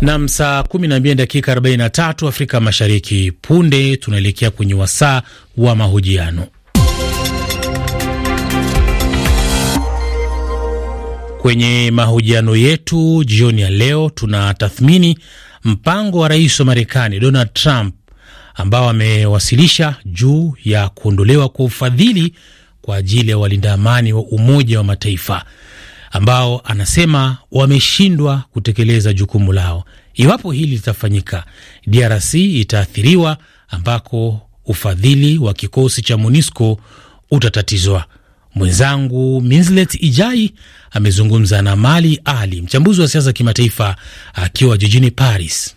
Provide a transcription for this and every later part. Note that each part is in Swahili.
Nam, saa 12 dakika 43 Afrika Mashariki. Punde tunaelekea kwenye wasaa wa mahojiano. Kwenye mahojiano yetu jioni ya leo, tunatathmini mpango wa rais wa Marekani Donald Trump ambao amewasilisha juu ya kuondolewa kwa ufadhili kwa ajili ya walinda amani wa Umoja wa Mataifa ambao anasema wameshindwa kutekeleza jukumu lao. Iwapo hili litafanyika, DRC itaathiriwa, ambako ufadhili wa kikosi cha MONUSCO utatatizwa. Mwenzangu Minslet Ijai amezungumza na Mali Ali, mchambuzi wa siasa kimataifa, akiwa jijini Paris.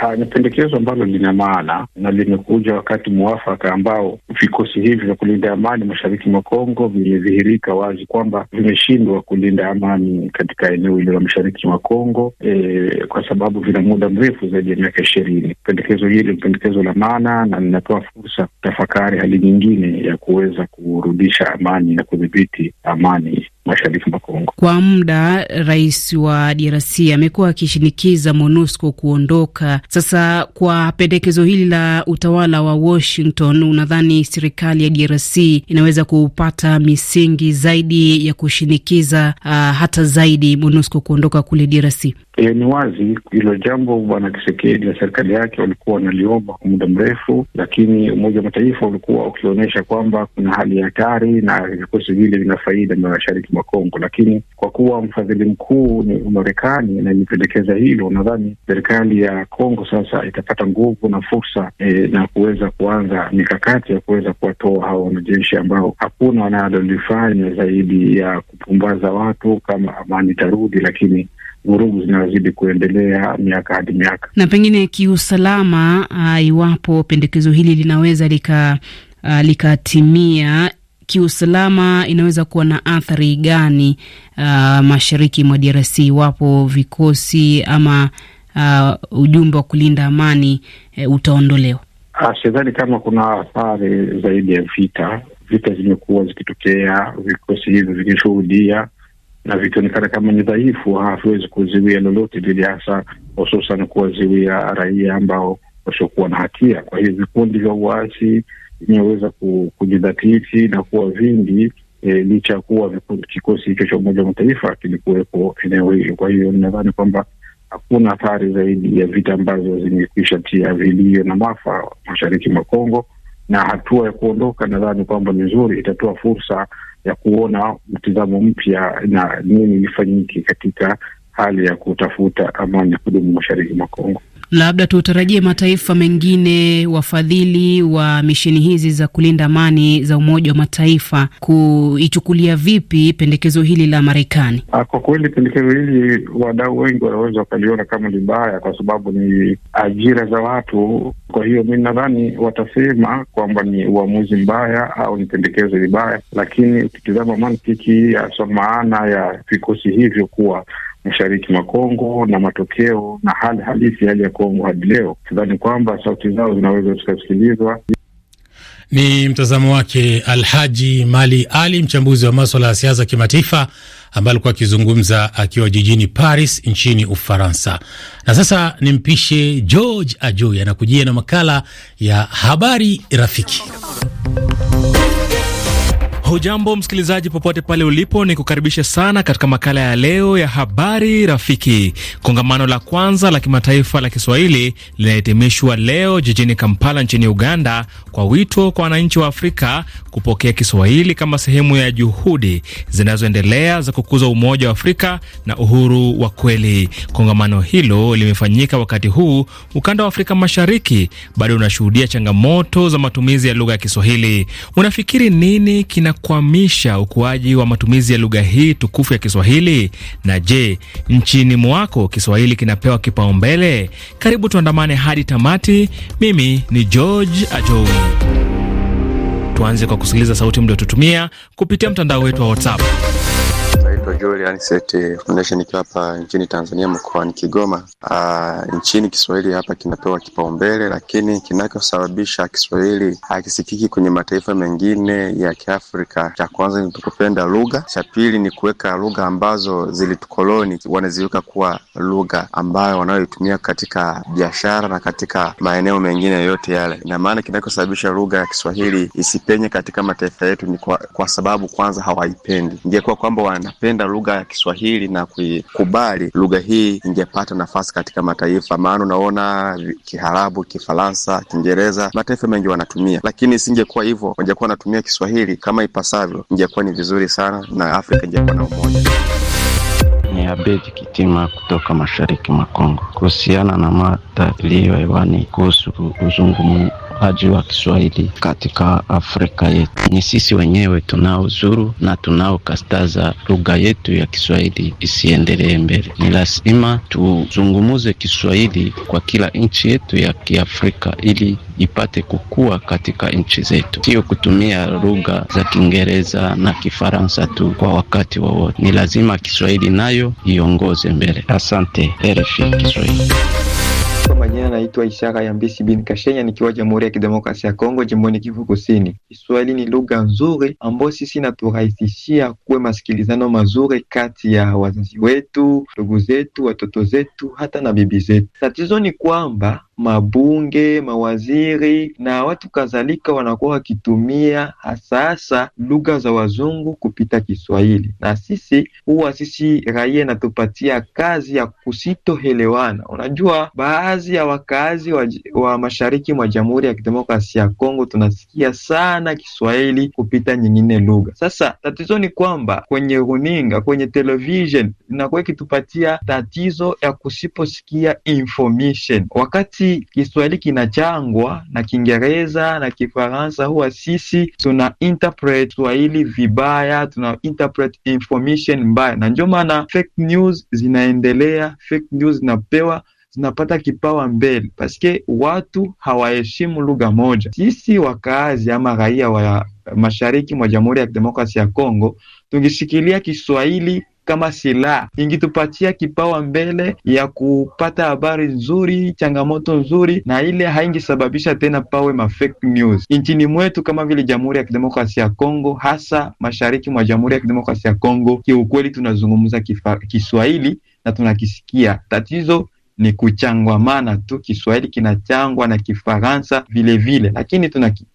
Ah, ni pendekezo ambalo lina maana na limekuja wakati mwafaka ambao vikosi hivi vya kulinda amani mashariki mwa Kongo vimedhihirika wazi kwamba vimeshindwa kulinda amani katika eneo hilo la mashariki mwa Kongo e, kwa sababu vina muda mrefu zaidi ya miaka ishirini. Pendekezo hili ni pendekezo la maana na linatoa fursa tafakari hali nyingine ya kuweza kurudisha amani na kudhibiti amani mashariki mwa Kongo. Kwa muda rais wa DRC amekuwa akishinikiza MONUSCO kuondoka. Sasa, kwa pendekezo hili la utawala wa Washington, unadhani serikali ya DRC inaweza kupata misingi zaidi ya kushinikiza uh, hata zaidi MONUSCO kuondoka kule DRC? E, ni wazi hilo jambo bwana kisekedi na serikali yake walikuwa wanaliomba kwa muda mrefu, lakini Umoja wa Mataifa ulikuwa ukionyesha kwamba kuna hali ya hatari na vikosi vile vina faida na mashariki mwa Kongo, lakini kwa kuwa mfadhili mkuu ni Marekani na imependekeza hilo, nadhani serikali ya Kongo sasa itapata nguvu na fursa e, na kuweza kuanza mikakati ya kuweza kuwatoa hawa wanajeshi ambao hakuna wanalolifanya zaidi ya kupumbaza watu kama amani itarudi, lakini vurugu zinazidi kuendelea miaka hadi miaka. Na pengine kiusalama, uh, iwapo pendekezo hili linaweza lika uh, likatimia kiusalama inaweza kuwa na athari gani uh, mashariki mwa DRC iwapo vikosi ama uh, ujumbe wa kulinda amani uh, utaondolewa? Sidhani kama kuna athari zaidi ya vita. Vita zimekuwa zikitokea, vikosi hivyo vikishuhudia na vikionekana kama ni dhaifu, haviwezi kuziwia lolote lili hasa hususan kuwaziwia raia ambao wasiokuwa na hatia. Kwa hiyo vikundi vya uasi vimeweza kujidhatiti na kuwa vingi e, licha ya kuwa kikosi hicho cha Umoja wa Mataifa kilikuwepo eneo hilo. Kwa hiyo ninadhani kwamba hakuna athari zaidi ya vita ambazo zimekwisha tia vilio na maafa mashariki mwa Kongo, na hatua ya kuondoka nadhani kwamba ni nzuri, itatoa fursa ya kuona mtizamo mpya na nini ifanyike katika hali ya kutafuta amani ya kudumu mashariki mwa Kongo. Labda tutarajie mataifa mengine wafadhili wa misheni hizi za kulinda amani za Umoja wa Mataifa kuichukulia vipi pendekezo hili la Marekani? Ah, kwa kweli pendekezo hili wadau wengi wanaweza wakaliona kama ni baya, kwa sababu ni ajira za watu. Kwa hiyo mi nadhani watasema kwamba ni uamuzi mbaya au ni pendekezo libaya, lakini ukitizama mantiki ya maana ya vikosi hivyo kuwa mashariki mwa Kongo na matokeo na hali halisi hali ya Kongo hadi leo, sidhani kwamba sauti zao zinaweza zikasikilizwa. Ni mtazamo wake Alhaji Mali Ali, mchambuzi wa maswala ya siasa kimataifa, ambaye alikuwa akizungumza akiwa jijini Paris nchini Ufaransa. Na sasa nimpishe George Ajoi anakujia na makala ya habari rafiki. Hujambo msikilizaji, popote pale ulipo, ni kukaribisha sana katika makala ya leo ya habari rafiki. Kongamano la kwanza la kimataifa la Kiswahili linahitimishwa leo jijini Kampala nchini Uganda, kwa wito kwa wananchi wa Afrika kupokea Kiswahili kama sehemu ya juhudi zinazoendelea za kukuza umoja wa Afrika na uhuru wa kweli. Kongamano hilo limefanyika wakati huu ukanda wa Afrika Mashariki bado unashuhudia changamoto za matumizi ya lugha ya Kiswahili. Unafikiri nini kina kuamisha ukuaji wa matumizi ya lugha hii tukufu ya Kiswahili? Na je, nchini mwako Kiswahili kinapewa kipaumbele? Karibu tuandamane hadi tamati. Mimi ni George Ajowi. Tuanze kwa kusikiliza sauti mliotutumia kupitia mtandao wetu wa WhatsApp. Naitwa Joel Anisete Foundation ikiwa hapa nchini Tanzania mkoani Kigoma. Aa, ah, nchini Kiswahili hapa kinapewa kipaumbele, lakini kinachosababisha Kiswahili hakisikiki kwenye mataifa mengine ya Kiafrika, cha kwanza ni tukupenda lugha, cha pili ni kuweka lugha ambazo zilitukoloni wanaziweka kuwa lugha ambayo wanayoitumia katika biashara na katika maeneo mengine yoyote yale. Ina maana kinachosababisha lugha ya Kiswahili isipenye katika mataifa yetu ni kwa, kwa sababu kwanza hawaipendi. Ingekuwa kwamba wanapenda kupenda lugha ya Kiswahili na kuikubali lugha hii ingepata nafasi katika mataifa, maana unaona kiharabu Kifaransa, Kiingereza mataifa mengi wanatumia, lakini isingekuwa hivyo, wangekuwa wanatumia Kiswahili kama ipasavyo, ingekuwa ni vizuri sana na Afrika ingekuwa na umoja. Ni Abedi Kitima kutoka mashariki mwa Kongo kuhusiana na mada iliyo hewani kuhusu uzungumzaji upaji wa Kiswahili katika Afrika yetu. Ni sisi wenyewe tunaozuru na kastaza lugha yetu ya Kiswahili isiendelee mbele. Ni lazima tuzungumuze Kiswahili kwa kila nchi yetu ya Kiafrika ili ipate kukua katika nchi zetu, sio kutumia lugha za Kiingereza na Kifaransa tu kwa wakati wowote. Ni lazima Kiswahili nayo iongoze mbele. Asante RFI Kiswahili. Kwa majina naitwa Ishara ya Mbisi bin Kashenya, nikiwa Jamhuri ya Kidemokrasia ya Kongo, jimboni Kivu Kusini. Kiswahili ni lugha nzuri ambayo sisi naturahisishia kuwe masikilizano mazuri kati ya wazazi wetu, ndugu zetu, watoto zetu, hata na bibi zetu. Tatizo ni kwamba mabunge, mawaziri na watu kadhalika wanakuwa wakitumia hasahasa lugha za wazungu kupita Kiswahili, na sisi huwa sisi raia inatupatia kazi ya kusitohelewana. Unajua, baadhi ya wakazi wa, wa mashariki mwa Jamhuri ya Kidemokrasia ya Kongo tunasikia sana Kiswahili kupita nyingine lugha. Sasa tatizo ni kwamba kwenye runinga, kwenye television inakuwa ikitupatia tatizo ya kusiposikia information wakati Kiswahili kinachangwa na Kiingereza na Kifaransa, huwa sisi tuna interpret Kiswahili vibaya, tuna interpret information mbaya, na ndio maana fake news zinaendelea, fake news zinapewa zinapata kipawa mbele paske watu hawaheshimu lugha moja. Sisi wakaazi ama raia wa mashariki mwa Jamhuri ya Kidemokrasia ya Kongo tungishikilia Kiswahili kama silaha, ingitupatia kipawa mbele ya kupata habari nzuri, changamoto nzuri, na ile haingisababisha tena pawe ma fake news nchini mwetu kama vile Jamhuri ya Kidemokrasia ya Kongo, hasa mashariki mwa Jamhuri ya Kidemokrasia ya Kongo. Kiukweli tunazungumza Kiswahili na tunakisikia. Tatizo ni kuchangwamana tu, Kiswahili kinachangwa na Kifaransa vilevile, lakini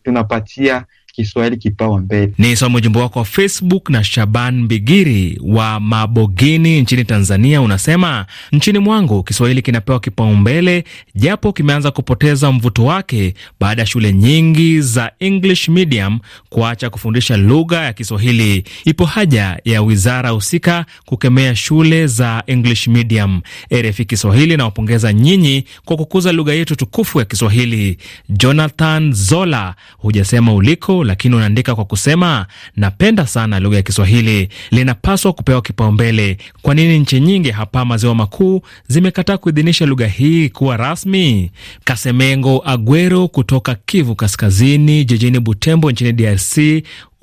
tunapatia tuna Kiswahili mbele. Ni soma ujumbe wako wa Facebook. Na Shaban bigiri wa Mabogini nchini Tanzania unasema, nchini mwangu Kiswahili kinapewa kipaumbele japo kimeanza kupoteza mvuto wake baada ya shule nyingi za English medium kuacha kufundisha lugha ya Kiswahili. Ipo haja ya wizara husika kukemea shule za English medium. RFI Kiswahili nawapongeza nyinyi kwa kukuza lugha yetu tukufu ya Kiswahili. Jonathan Zola, hujasema uliko lakini unaandika kwa kusema napenda sana lugha ya Kiswahili, linapaswa kupewa kipaumbele. Kwa nini nchi nyingi hapa maziwa makuu zimekataa kuidhinisha lugha hii kuwa rasmi? Kasemengo Agwero kutoka Kivu Kaskazini, jijini Butembo nchini DRC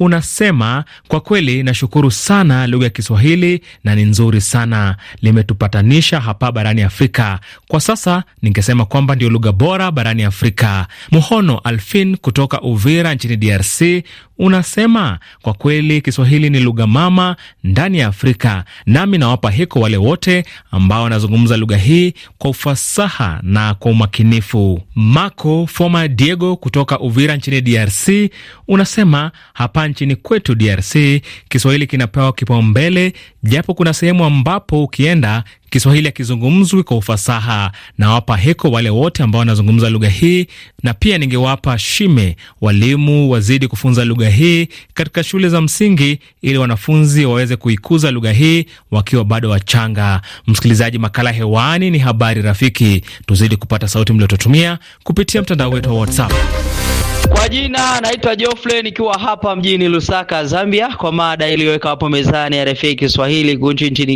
unasema kwa kweli, nashukuru sana lugha ya Kiswahili na ni nzuri sana, limetupatanisha hapa barani Afrika. Kwa sasa ningesema kwamba ndio lugha bora barani Afrika. Muhono Alfin kutoka Uvira nchini DRC unasema kwa kweli Kiswahili ni lugha mama ndani ya Afrika, nami nawapa heko wale wote ambao wanazungumza lugha hii kwa ufasaha na kwa umakinifu. Marco Foma Diego kutoka Uvira nchini DRC unasema hapa nchini kwetu DRC Kiswahili kinapewa kipaumbele, japo kuna sehemu ambapo ukienda Kiswahili hakizungumzwi kwa ufasaha. Nawapa heko wale wote ambao wanazungumza lugha hii, na pia ningewapa shime walimu wazidi kufunza lugha hii katika shule za msingi, ili wanafunzi waweze kuikuza lugha hii wakiwa bado wachanga. Msikilizaji, makala hewani ni habari rafiki, tuzidi kupata sauti mliotutumia kupitia mtandao wetu wa WhatsApp. Kwa jina naitwa Geoffrey nikiwa hapa mjini Lusaka, Zambia, kwa mada iliyoweka hapo mezani ya RFI Kiswahili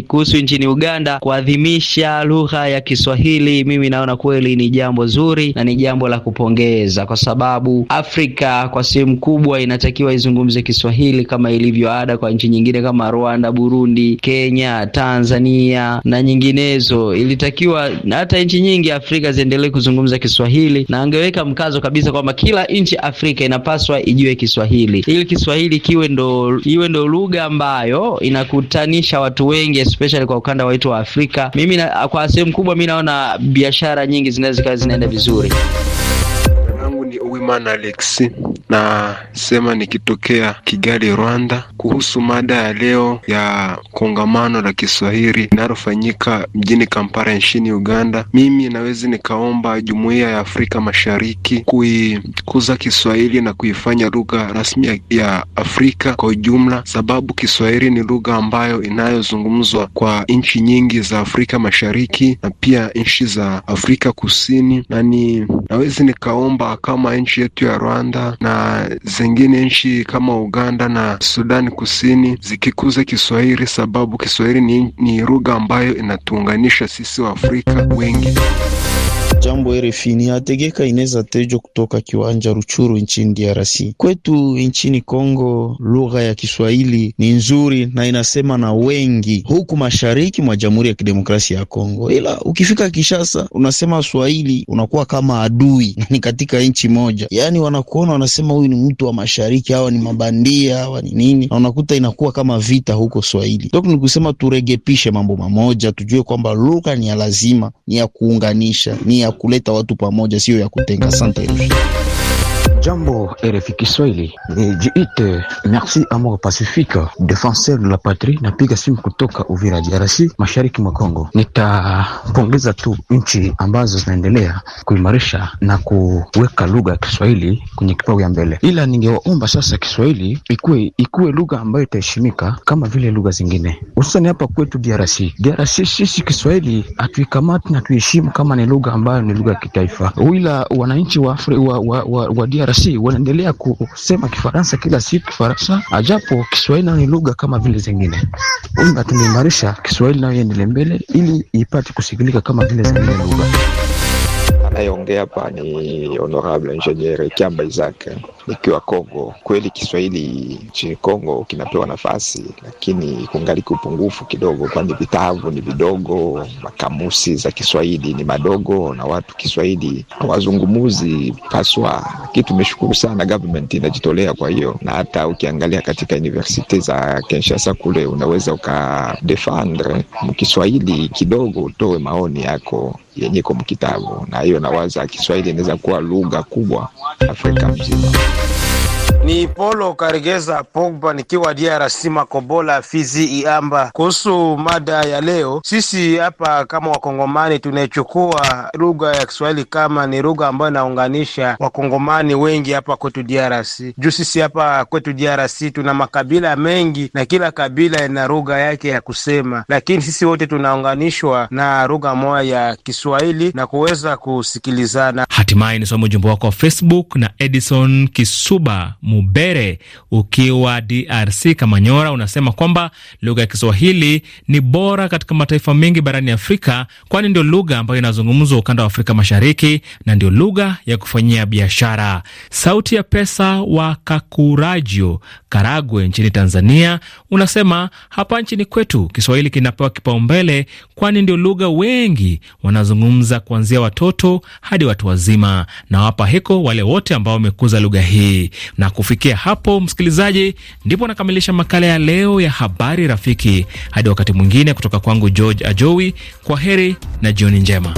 kuhusu nchini Uganda kuadhimisha lugha ya Kiswahili. Mimi naona kweli ni jambo zuri na ni jambo la kupongeza, kwa sababu Afrika kwa sehemu kubwa inatakiwa izungumze Kiswahili kama ilivyo ada kwa nchi nyingine kama Rwanda, Burundi, Kenya, Tanzania na nyinginezo. Ilitakiwa hata nchi nyingi Afrika ziendelee kuzungumza Kiswahili, na angeweka mkazo kabisa kwamba kila nchi kuhakikisha Afrika inapaswa ijue Kiswahili ili Kiswahili kiwe ndo iwe ndo lugha ambayo inakutanisha watu wengi especially kwa ukanda wetu wa Afrika. Mimi na, kwa sehemu kubwa mi naona biashara nyingi zinaweza zikawa zinaenda vizuri. Jina langu ni Uwimana Alexi. Nasema nikitokea Kigali, Rwanda, kuhusu mada ya leo ya kongamano la Kiswahili linalofanyika mjini Kampala nchini Uganda. Mimi nawezi nikaomba jumuiya ya Afrika Mashariki kuikuza Kiswahili na kuifanya lugha rasmi ya Afrika kwa ujumla, sababu Kiswahili ni lugha ambayo inayozungumzwa kwa nchi nyingi za Afrika Mashariki na pia nchi za Afrika Kusini, na ni nawezi nikaomba kama nchi yetu ya Rwanda na zingine nchi kama Uganda na Sudani Kusini zikikuza Kiswahili, sababu Kiswahili ni, ni lugha ambayo inatuunganisha sisi Waafrika wengi. Jambo RFI, ni Ategeka Ineza Tejo kutoka kiwanja Ruchuru nchini DRC. Kwetu nchini Kongo, lugha ya Kiswahili ni nzuri na inasema na wengi huku mashariki mwa Jamhuri ya Kidemokrasia ya Kongo, ila ukifika Kishasa unasema Swahili unakuwa kama adui ni katika nchi moja, yaani wanakuona wanasema huyu ni mtu wa mashariki, hawa ni mabandia, hawa ni nini, na unakuta inakuwa kama vita huko Swahili. Toki ni kusema turegepishe mambo mamoja, tujue kwamba lugha ni ya lazima, ni ya kuunganisha, ni ya kuleta watu pamoja, sio ya kutenga. Asante. Jambo RFI Kiswahili, ni jiite Merci Amour Pacifique, defenseur de la patrie. Napiga simu kutoka Uvira, DRC, mashariki mwa Kongo. Nitapongeza tu nchi ambazo zinaendelea kuimarisha na kuweka lugha ya Kiswahili kwenye kipao ya mbele, ila ningewaomba sasa Kiswahili ikue ikue lugha ambayo itaheshimika kama vile lugha zingine, hususani hapa kwetu DRC. DRC sisi Kiswahili hatuikamati na tuheshimu kama ni lugha ambayo ni lugha ya kitaifa, ila wananchi wa, wa, wa, wa, wa DRC DRC wanaendelea kusema Kifaransa kila siku Kifaransa, ajapo Kiswahili nayo ni lugha kama vile zingine. Umba tumeimarisha Kiswahili nayo iendelee mbele ili ipate kusikilika kama vile zingine lugha. Anayeongea hapa ni Honorable Ingeniere Kiamba Isaac nikiwa Kongo. Kweli Kiswahili nchini Kongo kinapewa nafasi, lakini kungaliki upungufu kidogo, kwani vitabu ni vidogo, makamusi za Kiswahili ni madogo na watu Kiswahili hawazungumuzi paswa. Lakini tumeshukuru sana government inajitolea kwa hiyo, na hata ukiangalia katika universite za Kinshasa kule unaweza ukadefendre mkiswahili kidogo, utoe maoni yako yenye iko mkitabu, na hiyo nawaza Kiswahili inaweza kuwa lugha kubwa Afrika mzima. you. Ni Polo Karegeza Pogba nikiwa DRC Makobola Fizi Iamba. Kuhusu mada ya leo, sisi hapa kama Wakongomani tunaichukua lugha ya Kiswahili kama ni lugha ambayo inaunganisha Wakongomani wengi hapa kwetu DRC. Juu sisi hapa kwetu DRC tuna makabila mengi na kila kabila ina lugha yake ya kusema, lakini sisi wote tunaunganishwa na lugha moja ya Kiswahili na kuweza kusikilizana. Hatimaye nisome ujumbe wako wa Facebook na Edison Kisuba Mubere ukiwa DRC Kamanyora, unasema kwamba lugha ya Kiswahili ni bora katika mataifa mengi barani Afrika, kwani ndio lugha ambayo inazungumzwa ukanda wa Afrika Mashariki na ndio lugha ya kufanyia biashara. Sauti ya Pesa wa Kakurajo, Karagwe nchini Tanzania, unasema hapa nchini kwetu Kiswahili kinapewa kipaumbele, kwani ndio lugha wengi wanazungumza kuanzia watoto hadi watu wazima. Nawapa heko wale wote ambao wamekuza lugha hii na Kufikia hapo, msikilizaji, ndipo nakamilisha makala ya leo ya habari rafiki. Hadi wakati mwingine, kutoka kwangu George Ajowi, kwa heri na jioni njema.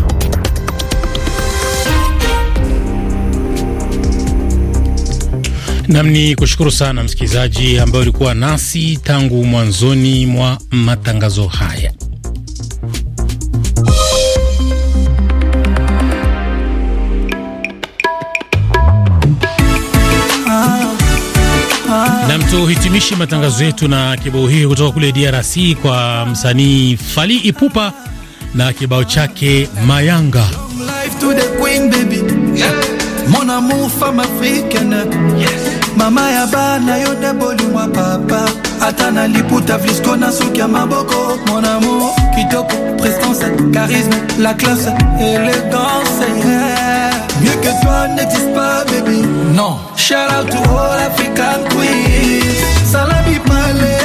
Nam ni kushukuru sana msikilizaji ambaye ulikuwa nasi tangu mwanzoni mwa matangazo haya. Tuhitimishe matangazo yetu na kibao hiki kutoka kule DRC kwa msanii Fali Ipupa na kibao chake Mayanga. Mama ya bana yo double mwa papa ata na liputa vlisco na suki ya maboko mon amour kitoko prestance charisme la classe élégance yeah. mieux que toi n'existe pas baby non shout out to all african queens salabi malé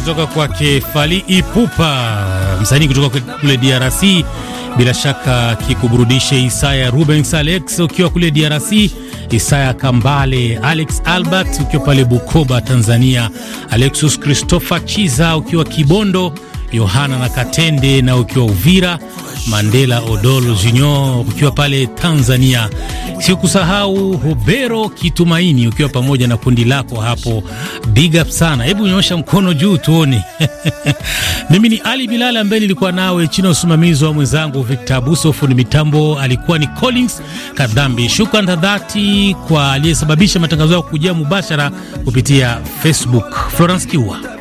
kutoka kwake Fally Ipupa, msanii kutoka kule DRC. Bila shaka kikuburudishe Isaya Rubens Alex ukiwa kule DRC, Isaya Kambale Alex Albert ukiwa pale Bukoba Tanzania, Alexus Christopher Chiza ukiwa Kibondo, Yohana na Katende na ukiwa Uvira Mandela Odol Junior ukiwa pale Tanzania, sio kusahau Hobero Kitumaini ukiwa pamoja na kundi lako hapo. Big up sana, hebu nyosha mkono juu tuone. Mimi ni Ali Bilal ambaye nilikuwa nawe chini ya usimamizi wa mwenzangu Victor Abuso. Fundi mitambo alikuwa ni Collins Kadhambi. Shukran za dhati kwa aliyesababisha matangazo yao kujia mubashara kupitia Facebook, Florence Kiwa.